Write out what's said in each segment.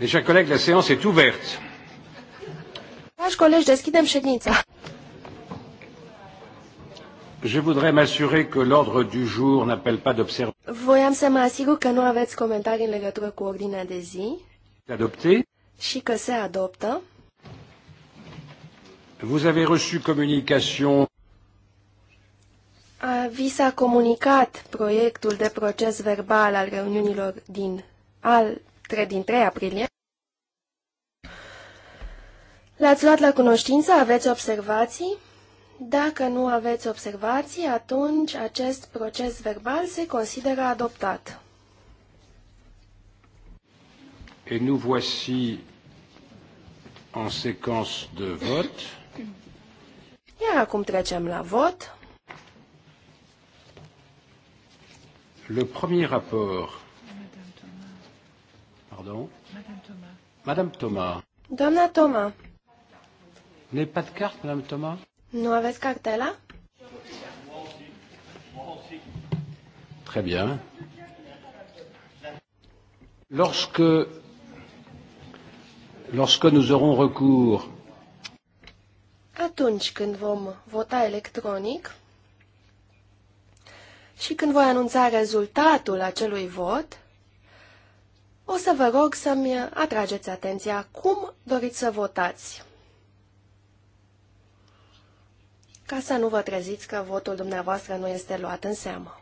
Mes chers collègues, la séance est ouverte. Dragi colegi, deschidem ședința. Je voudrais m'assurer que l'ordre du jour n'appelle pas d'observation. Voiam să mă asigur că nu aveți comentarii în legătură cu ordinea de zi. Adopté. Și că se adoptă. Vous avez reçu communication. A, vi s-a comunicat proiectul de proces verbal al reuniunilor din, al, 3 din 3 aprilie. L-ați luat la cunoștință? Aveți observații? Dacă nu aveți observații, atunci acest proces verbal se consideră adoptat. Et nous voici en séquence de vote. Iar acum trecem la vot. Le premier rapport. Pardon Madame Thomas. Doamna Thomas. N-ai pas de carte, Madame Thomas Nu aveți cartela? Très bien. Lorsque, lorsque nous aurons recours. Atunci când vom vota electronic, și când voi anunța rezultatul acelui vot, o să vă rog să-mi atrageți atenția cum doriți să votați. Ca să nu vă treziți că votul dumneavoastră nu este luat în seamă.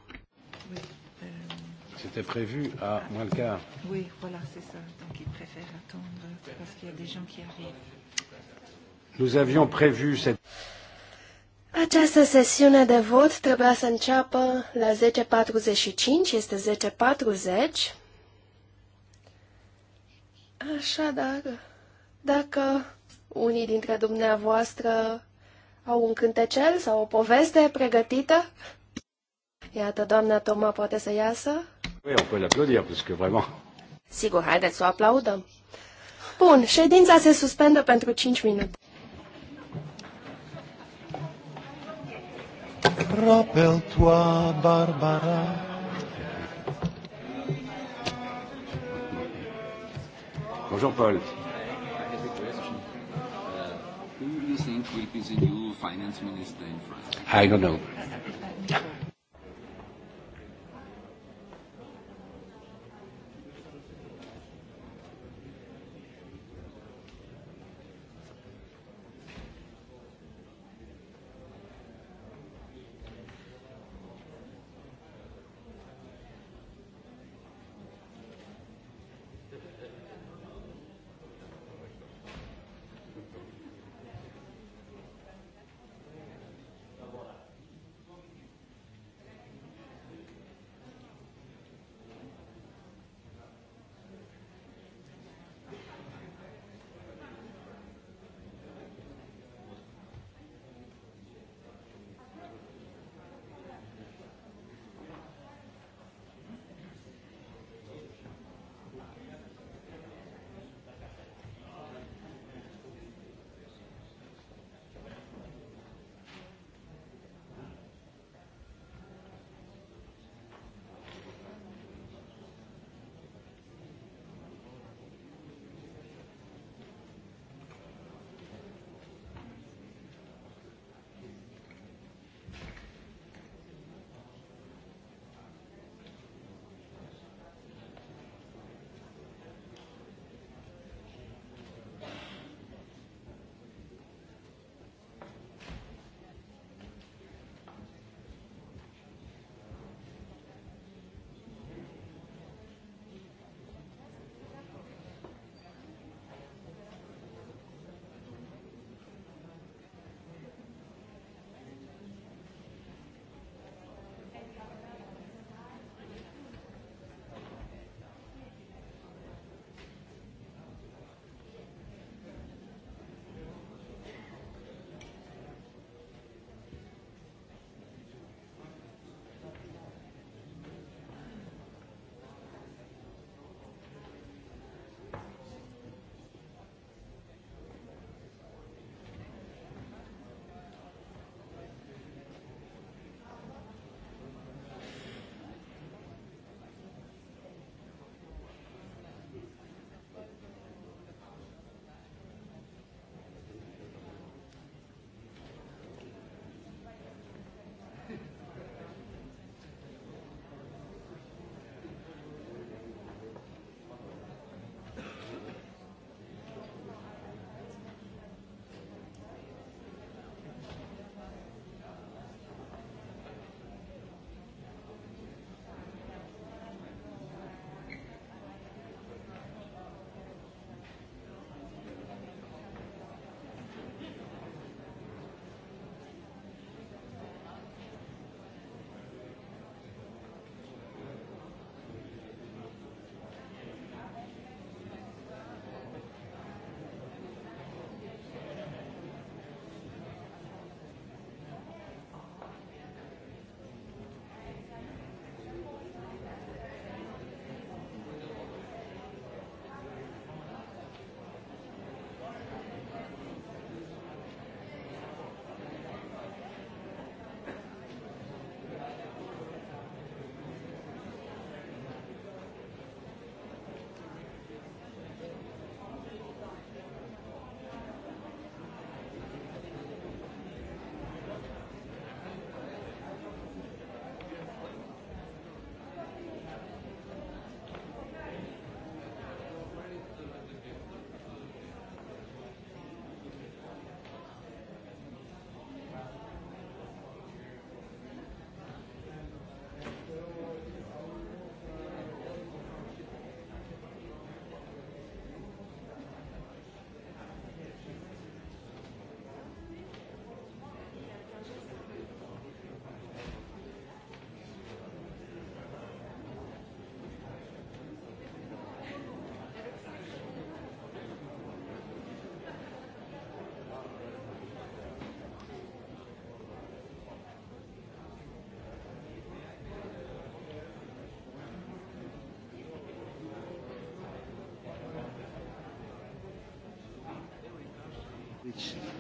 C'était prévu à moins le quart. Oui, voilà, c'est ça. Donc ils préfèrent attendre parce qu'il y a des gens qui arrivent. Nous avions prévu cette... Această sesiune de vot trebuia să înceapă la 10.45, este 10.40. Așadar, dacă unii dintre dumneavoastră au un cântecel sau o poveste pregătită, iată, doamna Toma poate să iasă. Sigur, haideți să o aplaudăm. Bun, ședința se suspendă pentru 5 minute. Rappelle-toi, Barbara. Bonjour, Paul. Uh, who do you think will be the new finance minister in France? I don't know.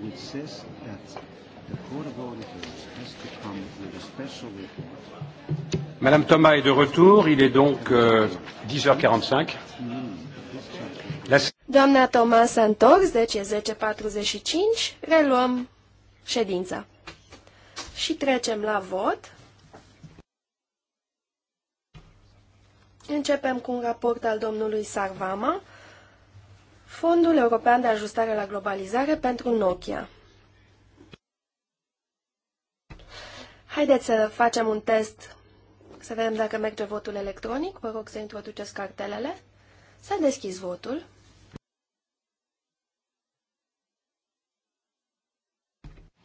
which says that the Court of Auditors has to come with a special report. Madame Thomas est de retour, il est donc euh, 10h45. Doamna Thomas s-a întors, deci e 10.45, reluăm ședința. Și trecem la vot. Începem cu un raport al domnului Sarvama Fondul European de Ajustare la Globalizare pentru Nokia. Haideți să facem un test, să vedem dacă merge votul electronic. Vă rog să introduceți cartelele. S-a deschis votul.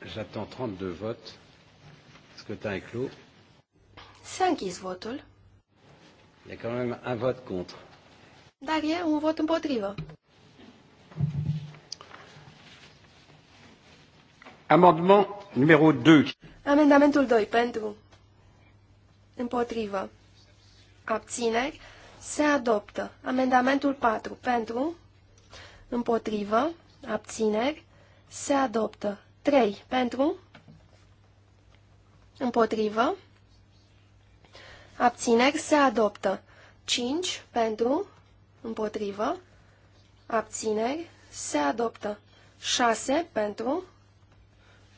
J'attends 32 votes. Scrutin est clos. S-a votul. Il y a quand même un vote contre. Dar e un vot împotrivă. Amendement numărul 2. Amendamentul 2 pentru împotrivă abțineri se adoptă. Amendamentul 4 pentru împotrivă abțineri se adoptă. 3 pentru împotrivă abțineri se adoptă. 5 pentru împotrivă abțineri se adoptă. 6 pentru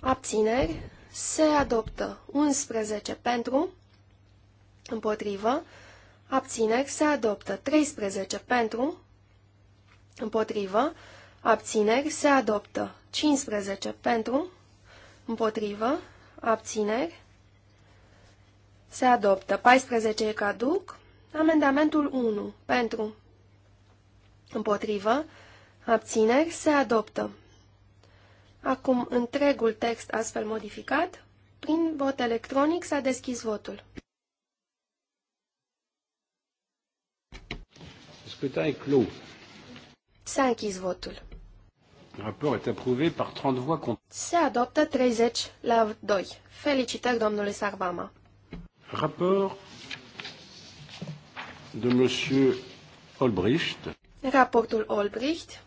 abțineri, se adoptă 11 pentru, împotrivă, abțineri, se adoptă 13 pentru, împotrivă, abțineri, se adoptă 15 pentru, împotrivă, abțineri, se adoptă 14 e caduc, amendamentul 1 pentru, împotrivă, abțineri, se adoptă Acum întregul text astfel modificat. Prin vot electronic s-a deschis votul. S-a închis votul. Raportul este aprobat par 30 voix contre. Se adoptă 30 la 2. Felicitări domnului Sarvama. Rapport de monsieur Olbricht. Raportul Olbricht.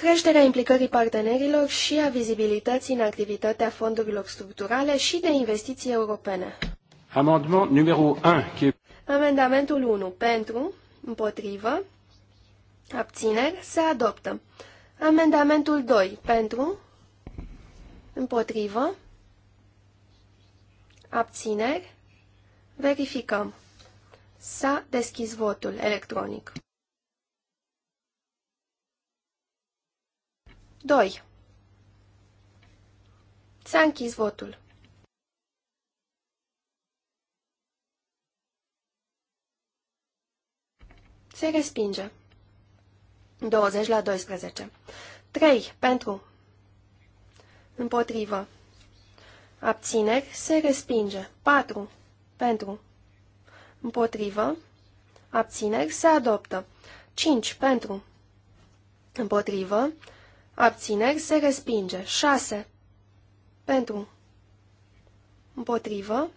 creșterea implicării partenerilor și a vizibilității în activitatea fondurilor structurale și de investiții europene. Amendament numărul 1. Amendamentul 1. Pentru, împotrivă, abțineri, se adoptă. Amendamentul 2. Pentru, împotrivă, abțineri, verificăm. S-a deschis votul electronic. 2. S-a închis votul. Se respinge. 20 la 12. 3. Pentru. Împotrivă. Abțineri. Se respinge. 4. Pentru. Împotrivă. Abțineri. Se adoptă. 5. Pentru. Împotrivă. Abțineri se respinge. 6. Pentru. Împotrivă.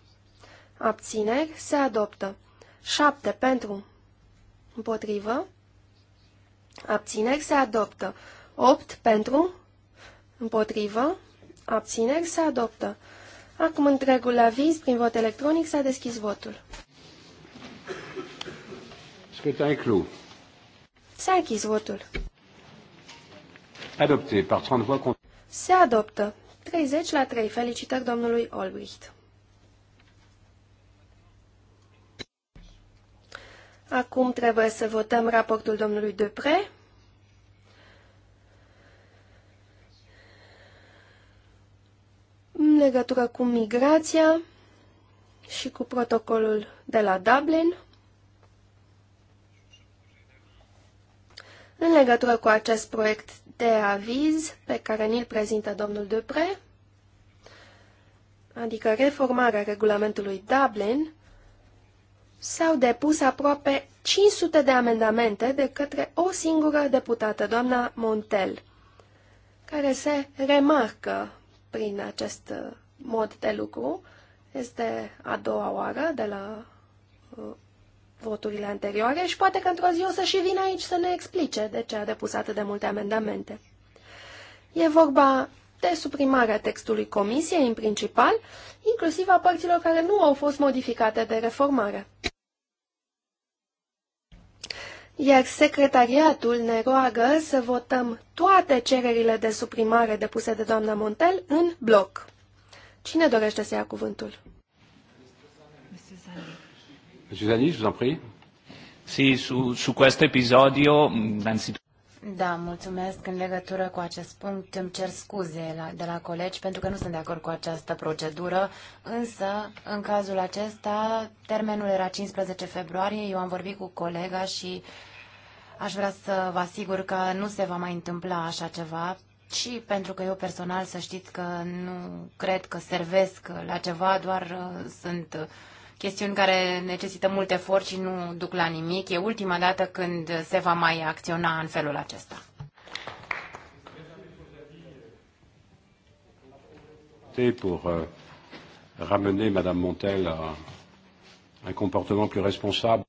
Abțineri se adoptă. 7. Pentru. Împotrivă. Abțineri se adoptă. 8. Pentru. Împotrivă. Abțineri se adoptă. Acum întregul aviz prin vot electronic s-a deschis votul. S-a închis votul. Adopté par 30 voix contre. Se adoptă. 30 la 3. Felicitări domnului Olbricht. Acum trebuie să votăm raportul domnului Depre. În legătură cu migrația și cu protocolul de la Dublin. În legătură cu acest proiect de aviz pe care ni-l prezintă domnul Dupre, adică reformarea regulamentului Dublin, s-au depus aproape 500 de amendamente de către o singură deputată, doamna Montel, care se remarcă prin acest mod de lucru. Este a doua oară de la uh, voturile anterioare și poate că într-o zi o să și vină aici să ne explice de ce a depus atât de multe amendamente. E vorba de suprimarea textului comisiei în principal, inclusiv a părților care nu au fost modificate de reformare. Iar secretariatul ne roagă să votăm toate cererile de suprimare depuse de doamna Montel în bloc. Cine dorește să ia cuvântul? Zani, je vous en prie. Si, su, su questo episodio, mm, innanzitutto... Da, mulțumesc. În legătură cu acest punct îmi cer scuze la, de la colegi pentru că nu sunt de acord cu această procedură, însă în cazul acesta termenul era 15 februarie, eu am vorbit cu colega și aș vrea să vă asigur că nu se va mai întâmpla așa ceva și pentru că eu personal să știți că nu cred că servesc la ceva, doar uh, sunt uh, chestiuni care necesită mult efort și nu duc la nimic. E ultima dată când se va mai acționa în felul acesta. Pour euh, ramener Madame Montel à un comportement plus responsable.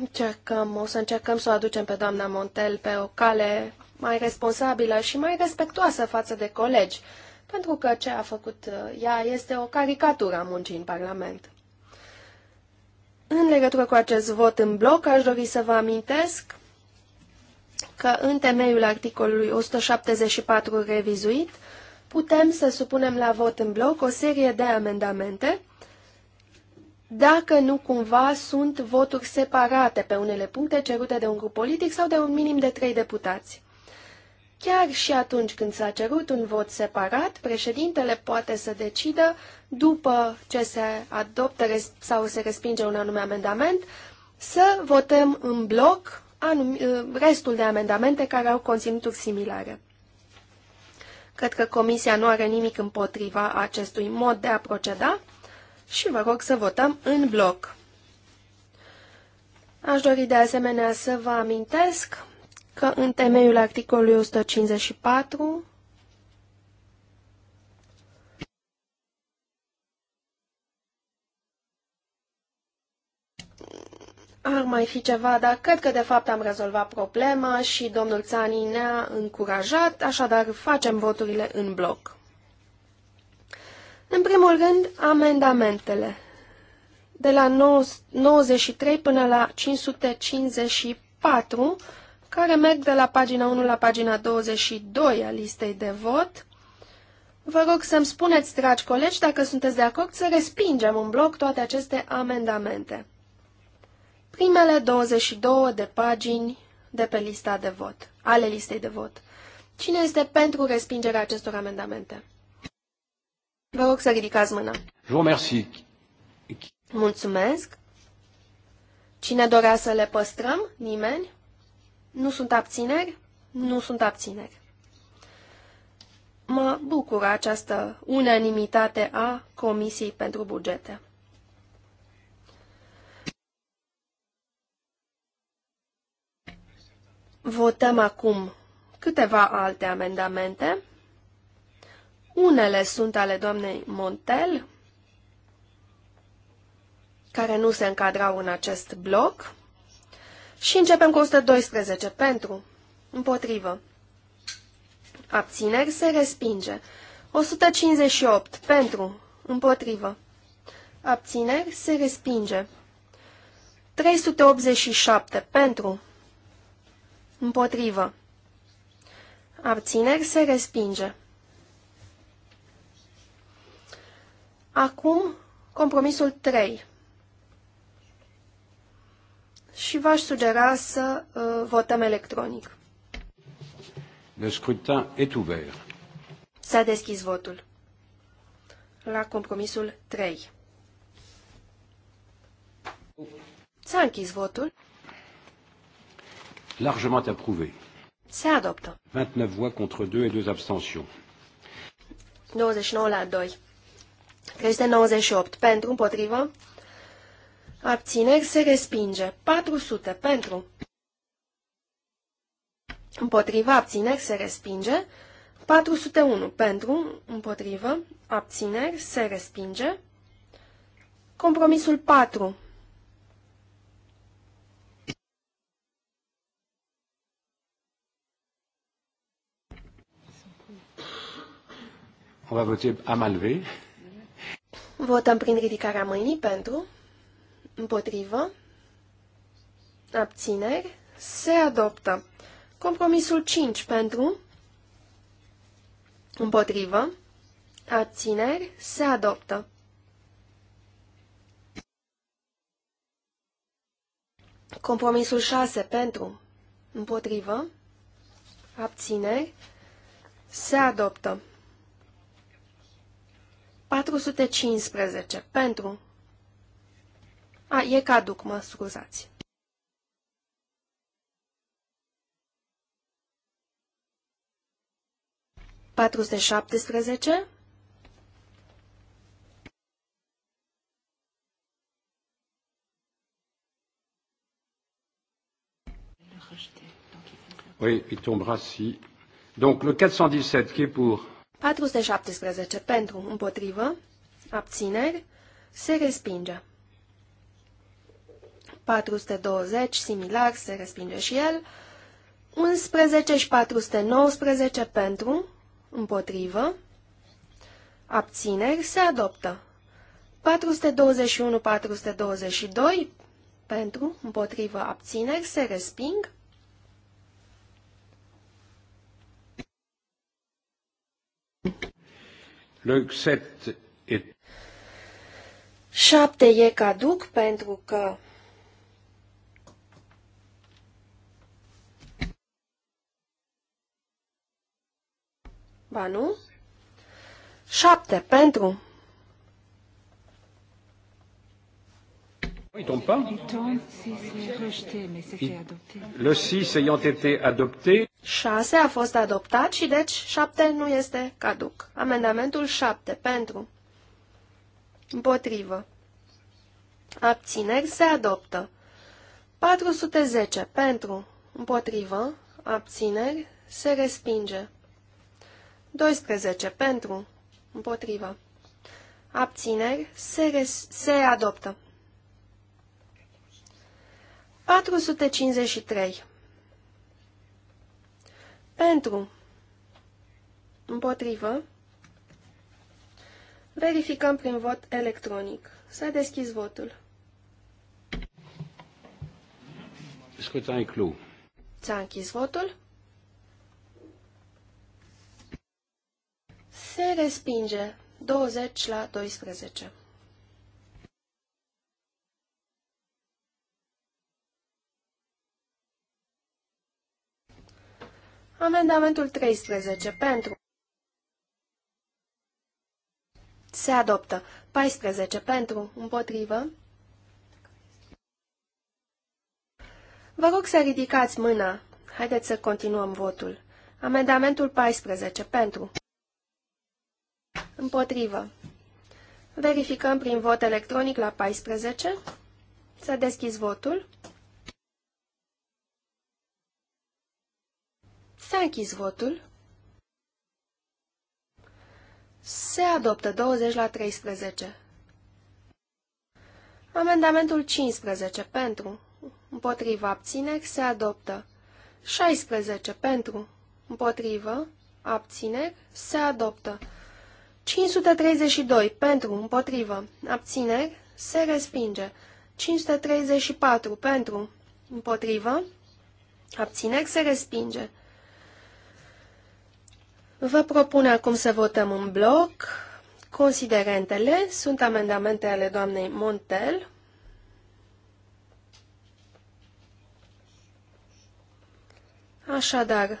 Încercăm, o să încercăm să o aducem pe doamna Montel pe o cale mai responsabilă și mai respectuoasă față de colegi, pentru că ce a făcut uh, ea este o caricatură a muncii în Parlament. În legătură cu acest vot în bloc, aș dori să vă amintesc că în temeiul articolului 174 revizuit putem să supunem la vot în bloc o serie de amendamente dacă nu cumva sunt voturi separate pe unele puncte cerute de un grup politic sau de un minim de trei deputați. Chiar și atunci când s-a cerut un vot separat, președintele poate să decidă, după ce se adoptă sau se respinge un anume amendament, să votăm în bloc ă, restul de amendamente care au conținuturi similare. Cred că Comisia nu are nimic împotriva acestui mod de a proceda și vă rog să votăm în bloc. Aș dori de asemenea să vă amintesc că în temeiul articolului 154 ar mai fi ceva, dar cred că de fapt am rezolvat problema și domnul Țani ne-a încurajat, așadar facem voturile în bloc. În primul rând, amendamentele. De la 93 până la 554 care merg de la pagina 1 la pagina 22 a listei de vot. Vă rog să-mi spuneți, dragi colegi, dacă sunteți de acord să respingem în bloc toate aceste amendamente. Primele 22 de pagini de pe lista de vot, ale listei de vot. Cine este pentru respingerea acestor amendamente? Vă rog să ridicați mâna. Mulțumesc. Cine dorea să le păstrăm? Nimeni? Nu sunt abțineri? Nu sunt abțineri. Mă bucură această unanimitate a Comisiei pentru Bugete. Votăm acum câteva alte amendamente. Unele sunt ale doamnei Montel, care nu se încadrau în acest bloc. Și începem cu 112. Pentru. Împotrivă. Abțineri se respinge. 158. Pentru. Împotrivă. Abțineri se respinge. 387. Pentru. Împotrivă. Abțineri se respinge. Acum, compromisul 3 și v-aș sugera să uh, votăm electronic. Le scrutin est ouvert. S-a deschis votul. La compromisul 3. S-a închis votul. Largement approuvé. Se adoptă. 29 voix contre 2 et 2 abstentions. 29 la 2. 398 pentru, împotrivă, Abțineri se respinge. 400 pentru. Împotriva abțineri se respinge. 401 pentru. Împotrivă. Abțineri se respinge. Compromisul 4. On va voter à Votăm prin ridicarea mâinii pentru. Împotrivă. Abțineri. Se adoptă. Compromisul 5 pentru. Împotrivă. Abțineri. Se adoptă. Compromisul 6 pentru. Împotrivă. Abțineri. Se adoptă. 415. Pentru. A, e caduc, mă scuzați. Patruzeci șaptesprezece. Oui, il tombera si. Donc le 417 qui est pour. 417 pentru, împotrivă, abțineri, se respinge. 420, similar, se respinge și el. 11 și 419 pentru, împotrivă, abțineri, se adoptă. 421, 422 pentru, împotrivă, abțineri, se resping. Le 7 e caduc pentru că Ba nu. Șapte, pentru. Il tombe pas Le 6 ayant été adopté. 6 a fost adoptat și deci 7 nu este caduc. Amendamentul 7 pentru. Împotrivă. Abțineri se adoptă. 410 pentru. Împotrivă. Abțineri se respinge. 12 pentru, împotrivă. Abțineri se, se adoptă. 453 pentru, împotrivă. Verificăm prin vot electronic. S-a deschis votul. Scrutin clou. S-a închis votul. Se respinge 20 la 12. Amendamentul 13. Pentru. Se adoptă. 14. Pentru. Împotrivă. Vă rog să ridicați mâna. Haideți să continuăm votul. Amendamentul 14. Pentru. Împotrivă. Verificăm prin vot electronic la 14. Să deschizi votul. S-a închis votul. Se adoptă 20 la 13. Amendamentul 15 pentru. Împotrivă abțineri se adoptă. 16 pentru. Împotrivă. Abțineri se adoptă. 532 pentru, împotrivă, abțineri, se respinge. 534 pentru, împotrivă, abțineri, se respinge. Vă propun acum să votăm în bloc. Considerentele sunt amendamente ale doamnei Montel. Așadar,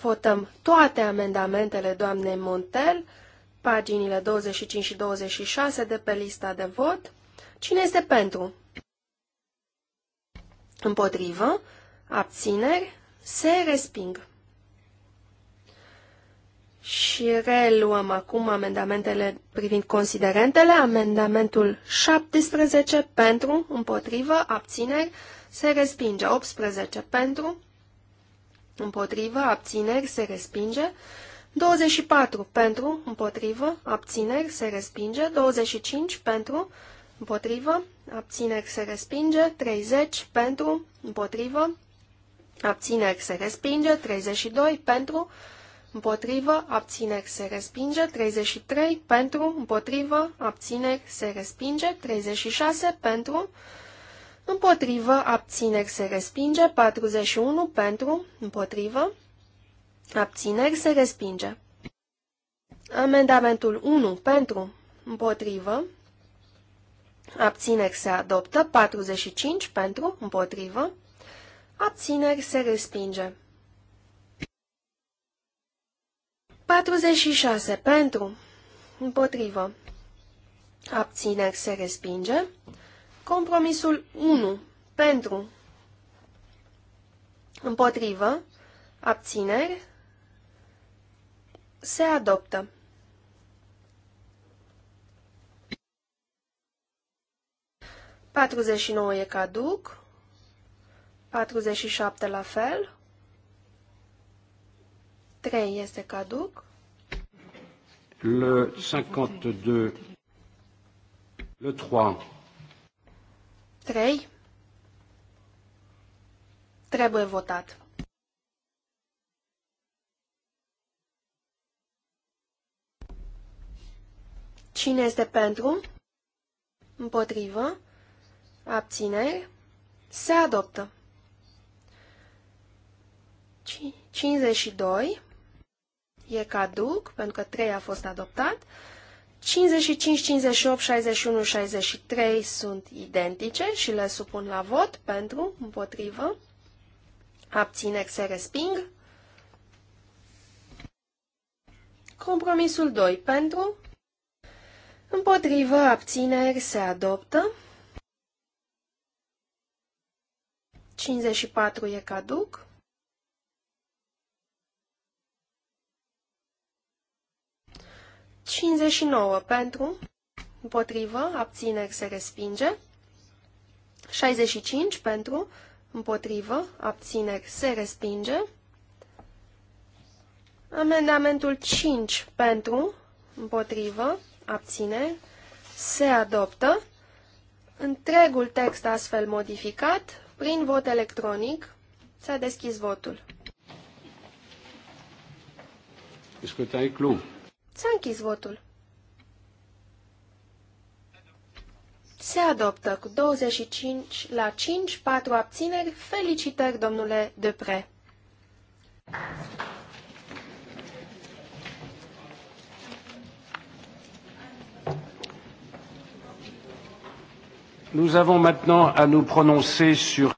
votăm toate amendamentele doamnei Montel, paginile 25 și 26 de pe lista de vot. Cine este pentru? Împotrivă, abțineri, se resping. Și reluăm acum amendamentele privind considerentele. Amendamentul 17 pentru, împotrivă, abțineri, se respinge. 18 pentru, împotrivă, abțineri, se respinge. 24 pentru, împotrivă, abțineri, se respinge. 25 pentru, împotrivă, abțineri, se respinge. 30 pentru, împotrivă, abțineri, se respinge. 32 pentru, împotrivă, abțineri, se respinge. 33 pentru, împotrivă, abțineri, se respinge. 36 pentru, împotrivă, abțineri, se respinge. 41 pentru, împotrivă, Abțineri se respinge. Amendamentul 1 pentru, împotrivă, abțineri se adoptă, 45 pentru, împotrivă, abțineri se respinge. 46 pentru, împotrivă, abțineri se respinge. Compromisul 1 pentru, împotrivă, abțineri se adoptă. Patruzeci și nouă e caduc. Patruzeci și șapte la fel. Trei este caduc. Le 52. Le 3. 3. Trebuie votat. Cine este pentru? Împotrivă. Abțineri. Se adoptă. 52 e caduc, pentru că 3 a fost adoptat. 55, 58, 61, 63 sunt identice și le supun la vot pentru, împotrivă. Abțineri se resping. Compromisul 2 pentru, Împotrivă, abțineri, se adoptă. 54 e caduc. Cincizeci nouă pentru, împotrivă, abțineri se respinge. 65 pentru, împotrivă, abțineri se respinge. Amendamentul 5 pentru, împotrivă, abține, se adoptă. Întregul text astfel modificat, prin vot electronic, s-a deschis votul. Discutai club. S-a închis votul. Se adoptă cu 25 la 5, 4 abțineri. Felicitări, domnule Depre. Nous avons maintenant à nous prononcer sur...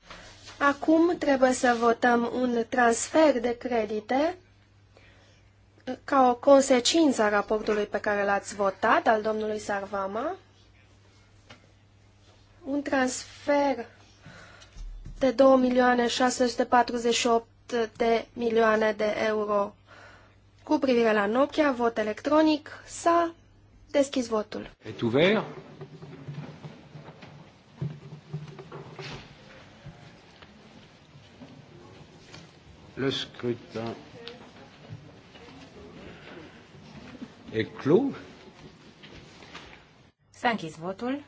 Acum trebuie să votăm un transfer de credite uh, ca o consecință a raportului pe care l-ați votat, al domnului Sarvama, un transfer de 2.648 de milioane de euro cu privire la Nokia, vot electronic, s-a deschis votul. Est ouvert. Le scrutin est clos. S-a închis votul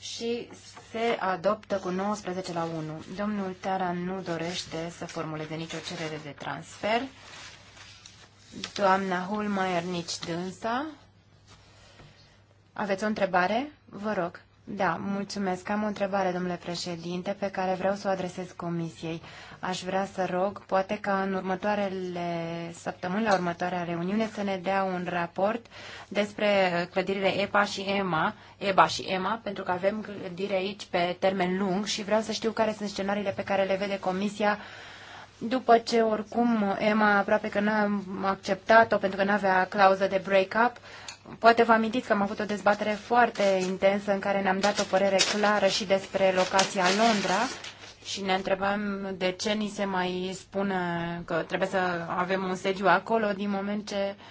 și se adoptă cu 19 la 1. Domnul Tara nu dorește să formuleze nicio cerere de transfer. Doamna Hulmaier nici dânsa. Aveți o întrebare? Vă rog. Da, mulțumesc. Am o întrebare, domnule președinte, pe care vreau să o adresez comisiei. Aș vrea să rog, poate ca în următoarele săptămâni, la următoarea reuniune, să ne dea un raport despre uh, clădirile EPA și EMA, EBA și EMA, pentru că avem clădire aici pe termen lung și vreau să știu care sunt scenariile pe care le vede comisia după ce oricum Emma aproape că n-a acceptat-o pentru că n-avea clauză de break-up Poate vă amintiți că am avut o dezbatere foarte intensă în care ne-am dat o părere clară și despre locația Londra și ne întrebam de ce ni se mai spune că trebuie să avem un sediu acolo din moment ce uh,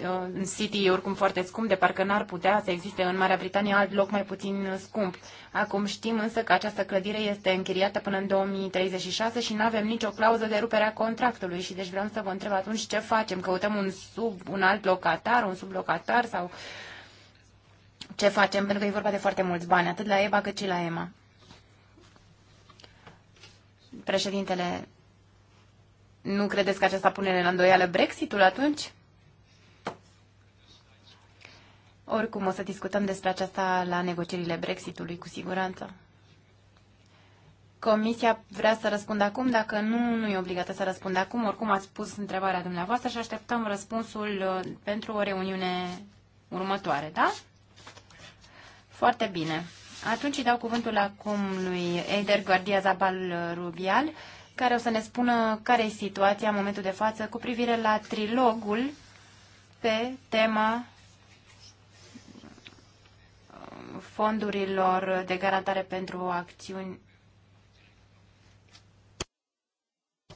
Uh, în City e oricum foarte scump, de parcă n-ar putea să existe în Marea Britanie alt loc mai puțin uh, scump. Acum știm însă că această clădire este închiriată până în 2036 și nu avem nicio clauză de rupere a contractului și deci vreau să vă întreb atunci ce facem, căutăm un sub, un alt locatar, un sublocatar sau ce facem, pentru că e vorba de foarte mulți bani, atât la EBA cât și la EMA. Președintele, nu credeți că aceasta pune la îndoială Brexitul atunci? Oricum, o să discutăm despre aceasta la negocierile Brexitului, cu siguranță. Comisia vrea să răspundă acum, dacă nu, nu e obligată să răspundă acum. Oricum ați pus întrebarea dumneavoastră și așteptăm răspunsul uh, pentru o reuniune următoare, da? Foarte bine. Atunci îi dau cuvântul acum lui Eder Guardia Zabal Rubial, care o să ne spună care e situația în momentul de față cu privire la trilogul pe tema fondurilor de garantare pentru acțiuni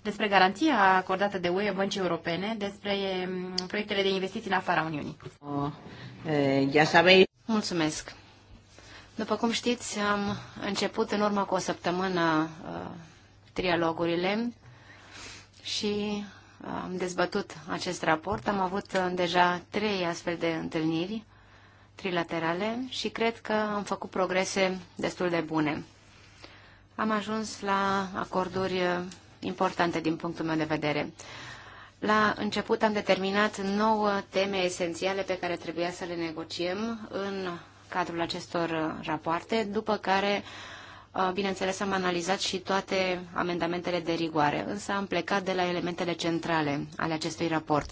despre garanția acordată de UE băncii europene despre mm, proiectele de investiții în afara Uniunii. Eh, Mulțumesc. După cum știți, am început în urmă cu o săptămână eh, trialogurile și eh, am dezbătut acest raport. Am avut deja trei astfel de întâlniri trilaterale și cred că am făcut progrese destul de bune. Am ajuns la acorduri importante din punctul meu de vedere. La început am determinat nouă teme esențiale pe care trebuia să le negociem în cadrul acestor rapoarte, după care, bineînțeles, am analizat și toate amendamentele de rigoare, însă am plecat de la elementele centrale ale acestui raport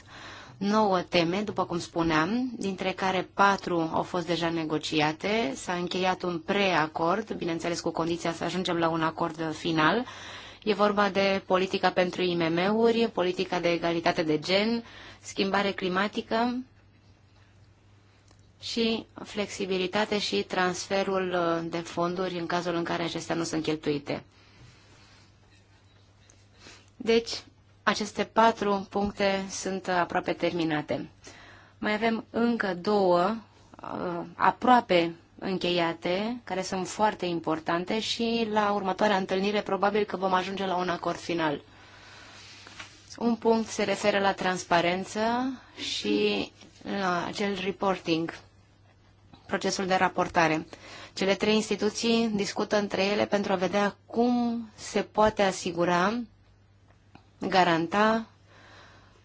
nouă teme, după cum spuneam, dintre care patru au fost deja negociate. S-a încheiat un preacord, bineînțeles cu condiția să ajungem la un acord final. E vorba de politica pentru IMM-uri, politica de egalitate de gen, schimbare climatică și flexibilitate și transferul uh, de fonduri în cazul în care acestea nu sunt cheltuite. Deci, aceste patru puncte sunt aproape terminate. Mai avem încă două uh, aproape încheiate, care sunt foarte importante și la următoarea întâlnire probabil că vom ajunge la un acord final. Un punct se referă la transparență și la acel reporting, procesul de raportare. Cele trei instituții discută între ele pentru a vedea cum se poate asigura garanta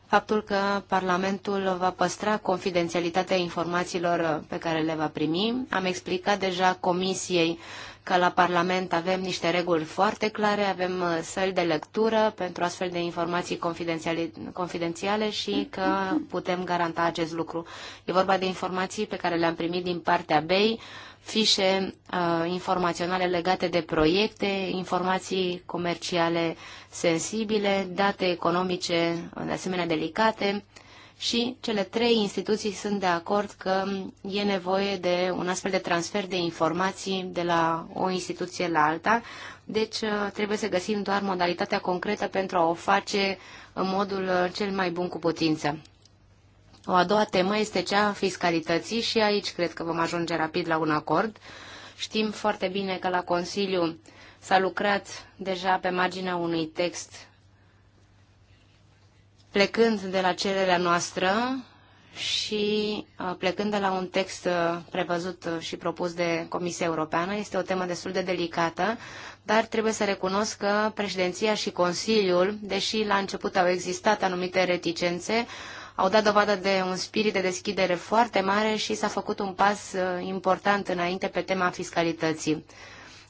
faptul că Parlamentul va păstra confidențialitatea informațiilor pe care le va primi. Am explicat deja Comisiei că la Parlament avem niște reguli foarte clare, avem uh, săli de lectură pentru astfel de informații confidențiale, confidențiale și că putem garanta acest lucru. E vorba de informații pe care le-am primit din partea BEI, fișe uh, informaționale legate de proiecte, informații comerciale sensibile, date economice de asemenea delicate și cele trei instituții sunt de acord că e nevoie de un astfel de transfer de informații de la o instituție la alta, deci uh, trebuie să găsim doar modalitatea concretă pentru a o face în modul uh, cel mai bun cu putință. O a doua temă este cea a fiscalității și aici cred că vom ajunge rapid la un acord. Știm foarte bine că la Consiliu s-a lucrat deja pe marginea unui text plecând de la cererea noastră și uh, plecând de la un text uh, prevăzut uh, și propus de Comisia Europeană, este o temă destul de delicată, dar trebuie să recunosc că președinția și Consiliul, deși la început au existat anumite reticențe, au dat dovadă de un spirit de deschidere foarte mare și s-a făcut un pas uh, important înainte pe tema fiscalității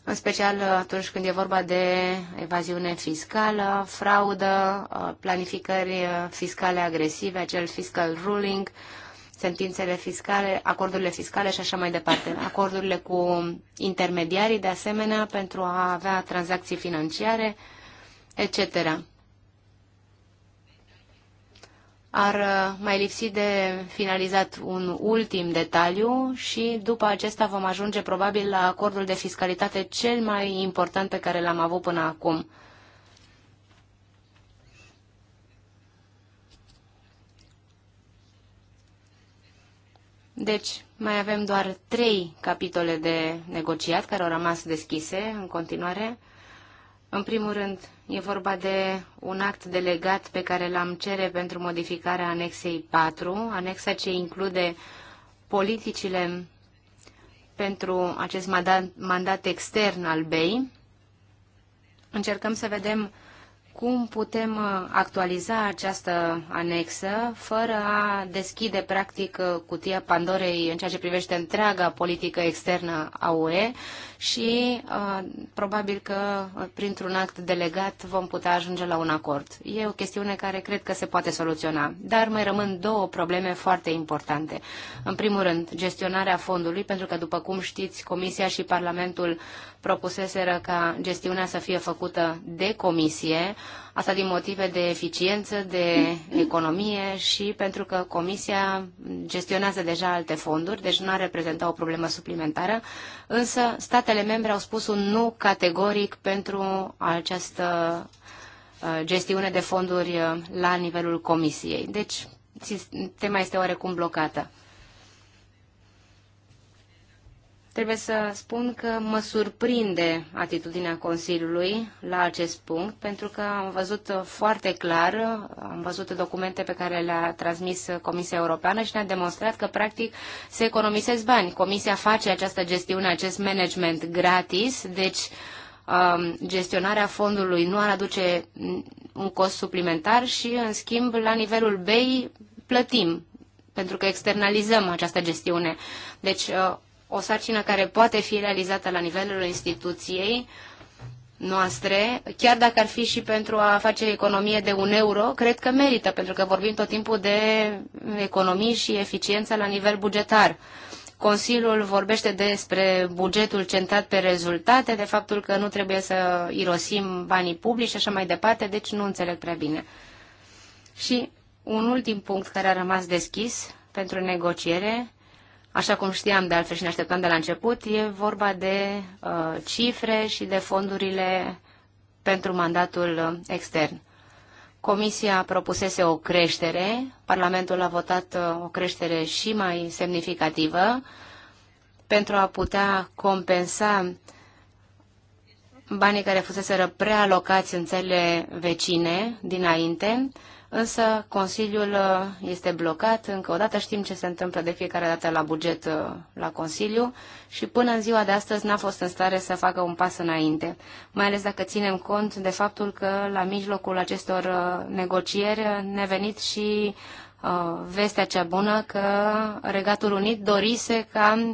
în special uh, atunci când e vorba de evaziune fiscală, fraudă, uh, planificări fiscale agresive, acel fiscal ruling, sentințele fiscale, acordurile fiscale și așa mai departe. Acordurile cu intermediarii, de asemenea, pentru a avea tranzacții financiare, etc ar uh, mai lipsi de finalizat un ultim detaliu și după acesta vom ajunge probabil la acordul de fiscalitate cel mai important pe care l-am avut până acum. Deci, mai avem doar trei capitole de negociat care au rămas deschise în continuare. În primul rând, e vorba de un act delegat pe care l-am cere pentru modificarea anexei 4, anexa ce include politicile pentru acest mandat, mandat extern al BEI. Încercăm să vedem cum putem uh, actualiza această anexă fără a deschide practic uh, cutia Pandorei în ceea ce privește întreaga politică externă a UE și uh, probabil că printr-un act delegat vom putea ajunge la un acord. E o chestiune care cred că se poate soluționa, dar mai rămân două probleme foarte importante. În primul rând, gestionarea fondului, pentru că după cum știți, Comisia și Parlamentul propuseseră ca gestiunea să fie făcută de comisie, asta din motive de eficiență, de economie și pentru că comisia gestionează deja alte fonduri, deci nu ar reprezenta o problemă suplimentară, însă statele membre au spus un nu categoric pentru această uh, gestiune de fonduri uh, la nivelul comisiei. Deci, tema este oarecum blocată. Trebuie să spun că mă surprinde atitudinea Consiliului la acest punct, pentru că am văzut foarte clar, am văzut documente pe care le-a transmis Comisia Europeană și ne-a demonstrat că, practic, se economisesc bani. Comisia face această gestiune, acest management gratis, deci um, gestionarea fondului nu ar aduce un cost suplimentar și, în schimb, la nivelul BEI plătim pentru că externalizăm această gestiune. Deci, uh, o sarcină care poate fi realizată la nivelul instituției noastre, chiar dacă ar fi și pentru a face economie de un euro, cred că merită, pentru că vorbim tot timpul de economii și eficiență la nivel bugetar. Consiliul vorbește despre bugetul centrat pe rezultate, de faptul că nu trebuie să irosim banii publici și așa mai departe, deci nu înțeleg prea bine. Și un ultim punct care a rămas deschis pentru negociere Așa cum știam de altfel și ne așteptam de la început, e vorba de uh, cifre și de fondurile pentru mandatul uh, extern. Comisia propusese o creștere, Parlamentul a votat uh, o creștere și mai semnificativă pentru a putea compensa banii care fusese prealocați în țările vecine dinainte, însă Consiliul uh, este blocat. Încă o dată știm ce se întâmplă de fiecare dată la buget uh, la Consiliu și până în ziua de astăzi n-a fost în stare să facă un pas înainte, mai ales dacă ținem cont de faptul că la mijlocul acestor uh, negocieri ne-a venit și vestea cea bună că Regatul Unit dorise ca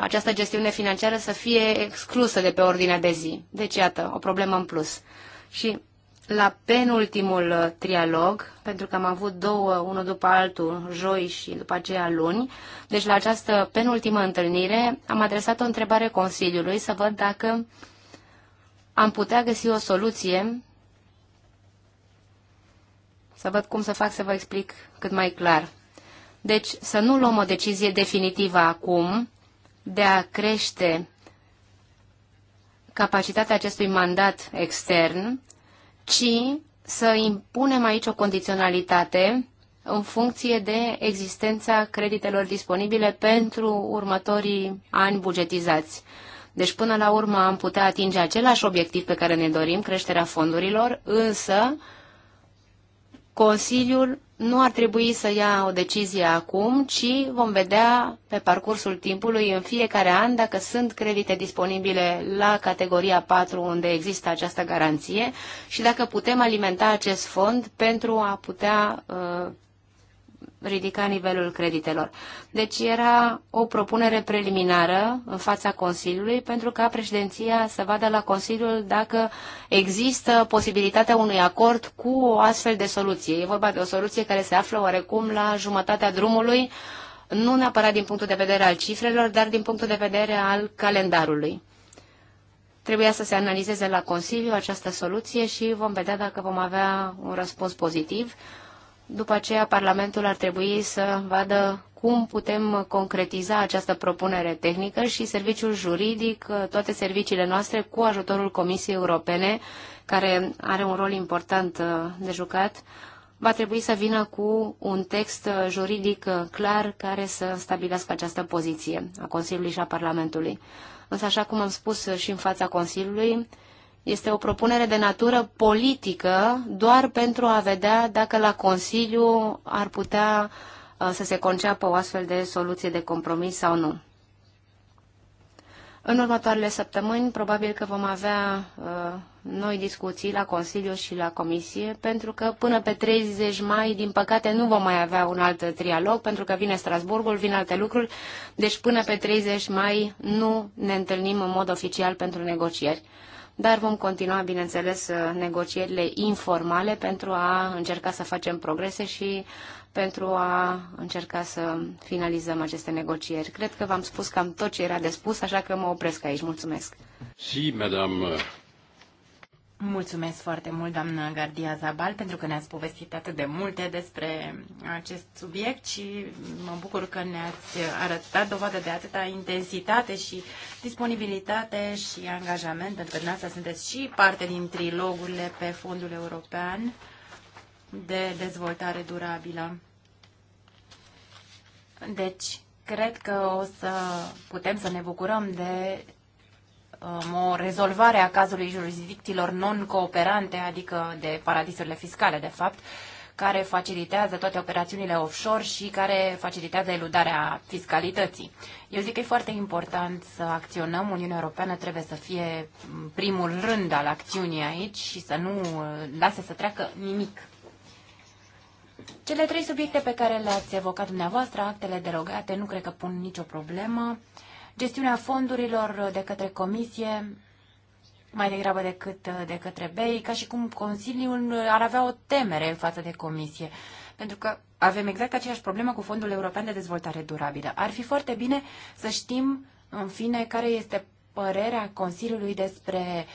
această gestiune financiară să fie exclusă de pe ordinea de zi. Deci, iată, o problemă în plus. Și la penultimul uh, trialog, pentru că am avut două, unul după altul, joi și după aceea luni. Deci la această penultimă întâlnire am adresat o întrebare Consiliului să văd dacă am putea găsi o soluție, să văd cum să fac să vă explic cât mai clar. Deci să nu luăm o decizie definitivă acum de a crește capacitatea acestui mandat extern, ci să impunem aici o condiționalitate în funcție de existența creditelor disponibile pentru următorii ani bugetizați. Deci, până la urmă, am putea atinge același obiectiv pe care ne dorim, creșterea fondurilor, însă Consiliul nu ar trebui să ia o decizie acum, ci vom vedea pe parcursul timpului în fiecare an dacă sunt credite disponibile la categoria 4 unde există această garanție și dacă putem alimenta acest fond pentru a putea uh, ridica nivelul creditelor. Deci era o propunere preliminară în fața Consiliului pentru ca președinția să vadă la Consiliul dacă există posibilitatea unui acord cu o astfel de soluție. E vorba de o soluție care se află oarecum la jumătatea drumului, nu neapărat din punctul de vedere al cifrelor, dar din punctul de vedere al calendarului. Trebuia să se analizeze la Consiliu această soluție și vom vedea dacă vom avea un răspuns pozitiv după aceea, Parlamentul ar trebui să vadă cum putem concretiza această propunere tehnică și serviciul juridic, toate serviciile noastre, cu ajutorul Comisiei Europene, care are un rol important uh, de jucat, va trebui să vină cu un text juridic uh, clar care să stabilească această poziție a Consiliului și a Parlamentului. Însă, așa cum am spus și în fața Consiliului, este o propunere de natură politică doar pentru a vedea dacă la Consiliu ar putea uh, să se conceapă o astfel de soluție de compromis sau nu. În următoarele săptămâni, probabil că vom avea uh, noi discuții la Consiliu și la Comisie, pentru că până pe 30 mai, din păcate, nu vom mai avea un alt trialog, pentru că vine Strasburgul, vin alte lucruri, deci până pe 30 mai nu ne întâlnim în mod oficial pentru negocieri dar vom continua, bineînțeles, negocierile informale pentru a încerca să facem progrese și pentru a încerca să finalizăm aceste negocieri. Cred că v-am spus cam tot ce era de spus, așa că mă opresc aici. Mulțumesc. Și, madame Mulțumesc foarte mult, doamnă Gardia Zabal, pentru că ne-ați povestit atât de multe despre acest subiect și mă bucur că ne-ați arătat dovadă de atâta intensitate și disponibilitate și angajament, pentru că dumneavoastră sunteți și parte din trilogurile pe Fondul European de Dezvoltare Durabilă. Deci, cred că o să putem să ne bucurăm de Um, o rezolvare a cazului jurisdicțiilor non-cooperante, adică de paradisurile fiscale, de fapt, care facilitează toate operațiunile offshore și care facilitează eludarea fiscalității. Eu zic că e foarte important să acționăm. Uniunea Europeană trebuie să fie primul rând al acțiunii aici și să nu uh, lase să treacă nimic. Cele trei subiecte pe care le-ați evocat dumneavoastră, actele derogate, nu cred că pun nicio problemă. Uh, gestiunea fondurilor de către Comisie, mai degrabă decât de către BEI, ca și cum Consiliul ar avea o temere în față de Comisie. Pentru că avem exact aceeași problemă cu Fondul European de Dezvoltare Durabilă. Ar fi foarte bine să știm, în fine, care este părerea Consiliului despre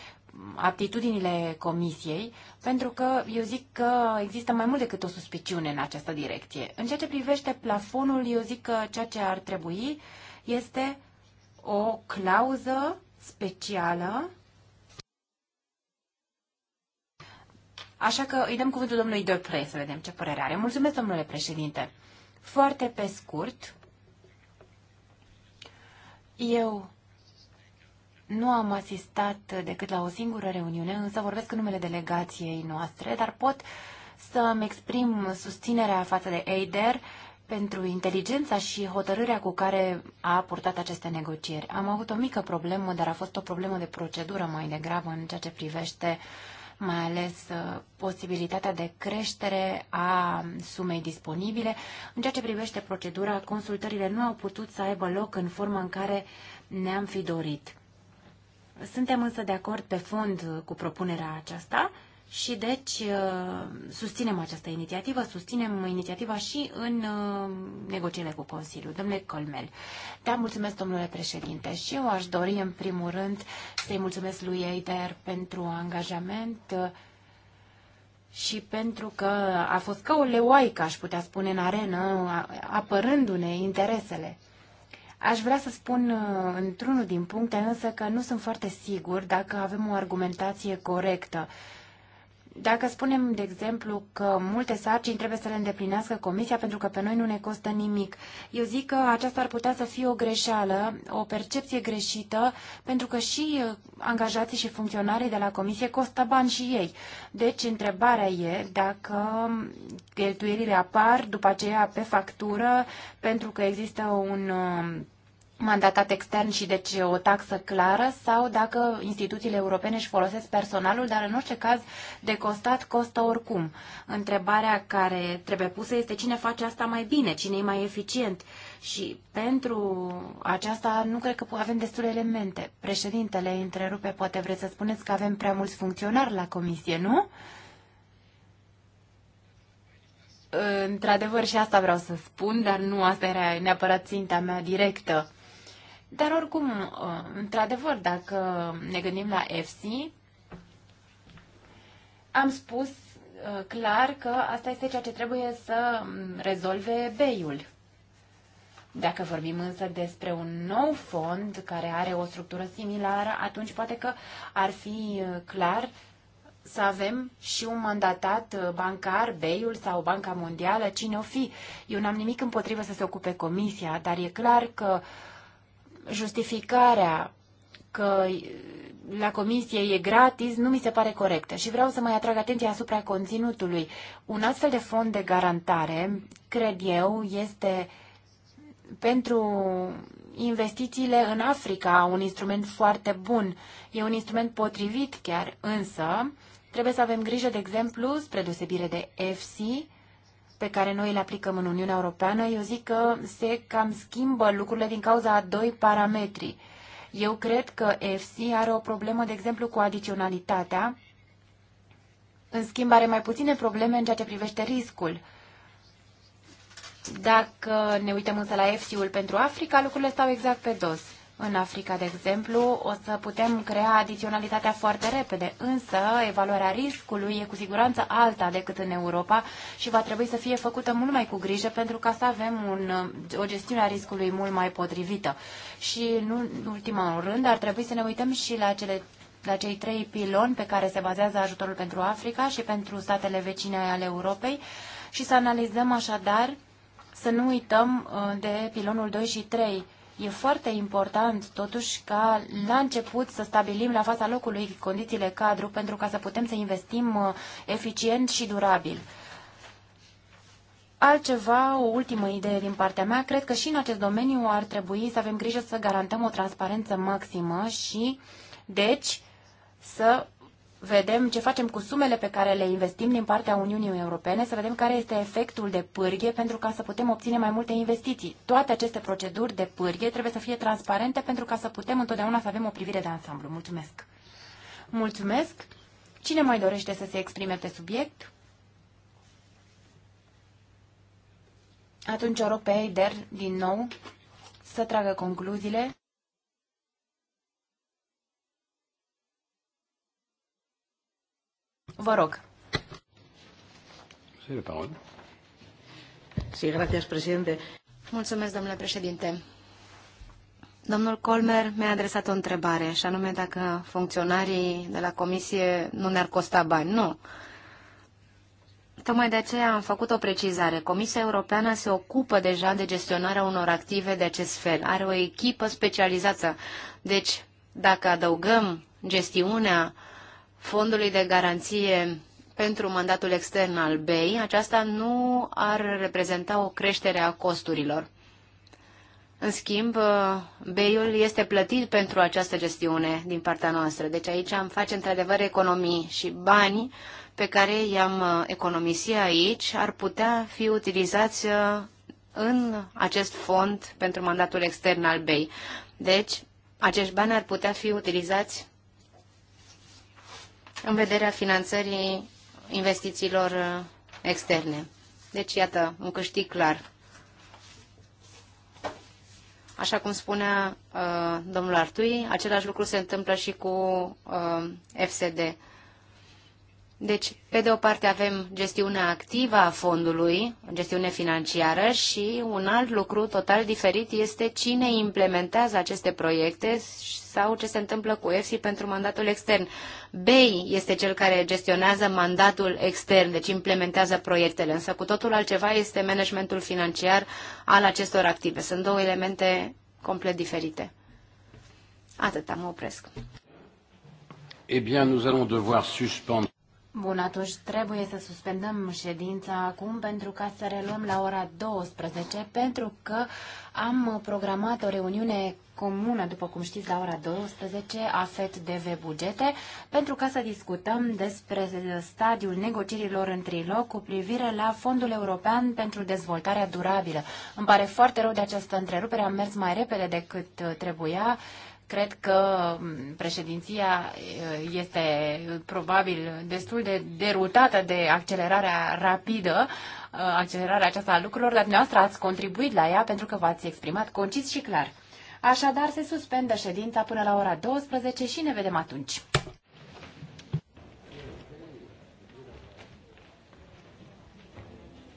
aptitudinile comisiei, pentru că eu zic că există mai mult decât o suspiciune în această direcție. În ceea ce privește plafonul, eu zic că ceea ce ar trebui este o clauză specială. Așa că îi dăm cuvântul domnului Dupre să vedem ce părere are. Mulțumesc, domnule președinte. Foarte pe scurt, eu nu am asistat decât la o singură reuniune, însă vorbesc în numele delegației noastre, dar pot să-mi exprim susținerea față de Eider pentru inteligența și hotărârea cu care a purtat aceste negocieri. Am avut o mică problemă, dar a fost o problemă de procedură mai degrabă în ceea ce privește mai ales uh, posibilitatea de creștere a sumei disponibile. În ceea ce privește procedura, consultările nu au putut să aibă loc în forma în care ne-am fi dorit. Suntem însă de acord pe fond cu propunerea aceasta și deci uh, susținem această inițiativă, susținem inițiativa și în uh, negocierile cu Consiliul. Domnule Colmel, da, mulțumesc domnule președinte și eu aș dori în primul rând să-i mulțumesc lui Eider pentru angajament uh, și pentru că a fost ca o leoaică, aș putea spune, în arenă, apărându-ne interesele. Aș vrea să spun într-unul din puncte însă că nu sunt foarte sigur dacă avem o argumentație corectă dacă spunem, de exemplu, că multe sarcini trebuie să le îndeplinească comisia pentru că pe noi nu ne costă nimic, eu zic că aceasta ar putea să fie o greșeală, o percepție greșită, pentru că și uh, angajații și funcționarii de la comisie costă bani și ei. Deci, întrebarea e dacă um, cheltuielile apar după aceea pe factură, pentru că există un um, mandatat extern și deci o taxă clară sau dacă instituțiile europene își folosesc personalul, dar în orice caz de costat costă oricum. Întrebarea care trebuie pusă este cine face asta mai bine, cine e mai eficient și pentru aceasta nu cred că avem destule elemente. Președintele întrerupe, poate vreți să spuneți că avem prea mulți funcționari la comisie, nu? Într-adevăr și asta vreau să spun, dar nu asta era neapărat ținta mea directă. Dar oricum, uh, într-adevăr, dacă ne gândim la FC, am spus uh, clar că asta este ceea ce trebuie să rezolve BEI-ul. Dacă vorbim însă despre un nou fond care are o structură similară, atunci poate că ar fi uh, clar să avem și un mandatat bancar, BEI-ul sau Banca Mondială, cine o fi. Eu n-am nimic împotrivă să se ocupe comisia, dar e clar că uh, justificarea că la comisie e gratis, nu mi se pare corectă și vreau să mai atrag atenția asupra conținutului. Un astfel de fond de garantare, cred eu, este pentru investițiile în Africa un instrument foarte bun. E un instrument potrivit chiar, însă trebuie să avem grijă, de exemplu, spre deosebire de EFSI, pe care noi le aplicăm în Uniunea Europeană, eu zic că se cam schimbă lucrurile din cauza a doi parametri. Eu cred că EFSI are o problemă, de exemplu, cu adiționalitatea, în schimb are mai puține probleme în ceea ce privește riscul. Dacă ne uităm însă la EFSI-ul pentru Africa, lucrurile stau exact pe dos în Africa, de exemplu, o să putem crea adiționalitatea foarte repede, însă evaluarea riscului e cu siguranță alta decât în Europa și va trebui să fie făcută mult mai cu grijă pentru ca să avem un, o gestiune a riscului mult mai potrivită. Și în ultimul rând ar trebui să ne uităm și la cele la cei trei piloni pe care se bazează ajutorul pentru Africa și pentru statele vecine ale Europei și să analizăm așadar, să nu uităm uh, de pilonul 2 și 3 E foarte important, totuși, ca la început să stabilim la fața locului condițiile cadru pentru ca să putem să investim uh, eficient și durabil. Altceva, o ultimă idee din partea mea, cred că și în acest domeniu ar trebui să avem grijă să garantăm o transparență maximă și, deci, să vedem ce facem cu sumele pe care le investim din partea Uniunii Europene, să vedem care este efectul de pârghie pentru ca să putem obține mai multe investiții. Toate aceste proceduri de pârghie trebuie să fie transparente pentru ca să putem întotdeauna să avem o privire de ansamblu. Mulțumesc! Mulțumesc! Cine mai dorește să se exprime pe subiect? Atunci o rog pe Eider din nou să tragă concluziile Vă rog. Mulțumesc, domnule președinte. Domnul Colmer mi-a adresat o întrebare, și anume dacă funcționarii de la comisie nu ne-ar costa bani. Nu. Tocmai de aceea am făcut o precizare. Comisia Europeană se ocupă deja de gestionarea unor active de acest fel. Are o echipă specializată. Deci, dacă adăugăm gestiunea uh, fondului de garanție pentru mandatul extern al BEI, aceasta nu ar reprezenta o creștere a costurilor. În schimb, BEI-ul este plătit pentru această gestiune din partea noastră. Deci aici am face într-adevăr economii și bani pe care i-am economisit aici ar putea fi utilizați în acest fond pentru mandatul extern al BEI. Deci, acești bani ar putea fi utilizați în vederea finanțării investițiilor uh, externe. Deci, iată, un câștig clar. Așa cum spunea uh, domnul Artui, același lucru se întâmplă și cu uh, FSD. Deci, pe de o parte avem gestiunea activă a fondului, gestiune financiară și un alt lucru total diferit este cine implementează aceste proiecte sau ce se întâmplă cu EFSI pentru mandatul extern. BEI este cel care gestionează mandatul extern, deci implementează proiectele, însă cu totul altceva este managementul financiar al acestor active. Sunt două elemente complet diferite. Atât, mă opresc. Eh bien, nous allons devoir suspendre. Bun, atunci trebuie să suspendăm ședința acum pentru ca să reluăm la ora 12, pentru că am programat o reuniune comună, după cum știți, la ora 12, AFET DV Bugete, pentru ca să discutăm despre stadiul negocierilor în triloc cu privire la Fondul European pentru Dezvoltarea Durabilă. Îmi pare foarte rău de această întrerupere, am mers mai repede decât trebuia Cred că mm, președinția este probabil destul de derutată de accelerarea rapidă, accelerarea aceasta a lucrurilor, dar dumneavoastră ați contribuit la ea pentru că v-ați exprimat concis și clar. Așadar, se suspendă ședința până la ora 12 și ne vedem atunci.